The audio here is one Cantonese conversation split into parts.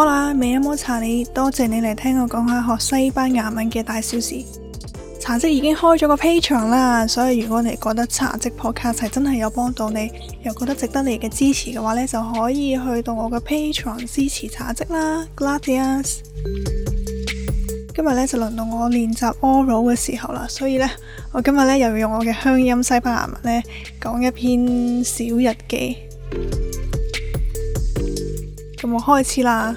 好啦，美雅摩查你，多謝你嚟聽我講下學西班牙文嘅大小事。茶職已經開咗個 Patreon 啦，所以如果你覺得茶職 Podcast 真係有幫到你，又覺得值得你嘅支持嘅話呢，就可以去到我嘅 Patreon 支持茶職啦。Gladys，今日呢就輪到我練習 oral 嘅時候啦，所以呢，我今日呢又要用我嘅鄉音西班牙文呢講一篇小日記。咁我開始啦。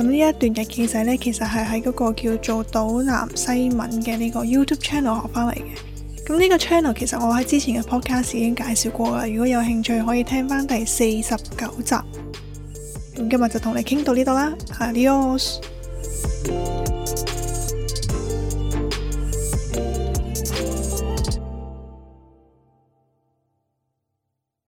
咁呢一段日記仔呢，其實係喺嗰個叫做島南西文嘅呢個 YouTube channel 學翻嚟嘅。咁呢個 channel 其實我喺之前嘅 podcast 已經介紹過啦。如果有興趣，可以聽翻第四十九集。咁今日就同你傾到呢度啦。Adios。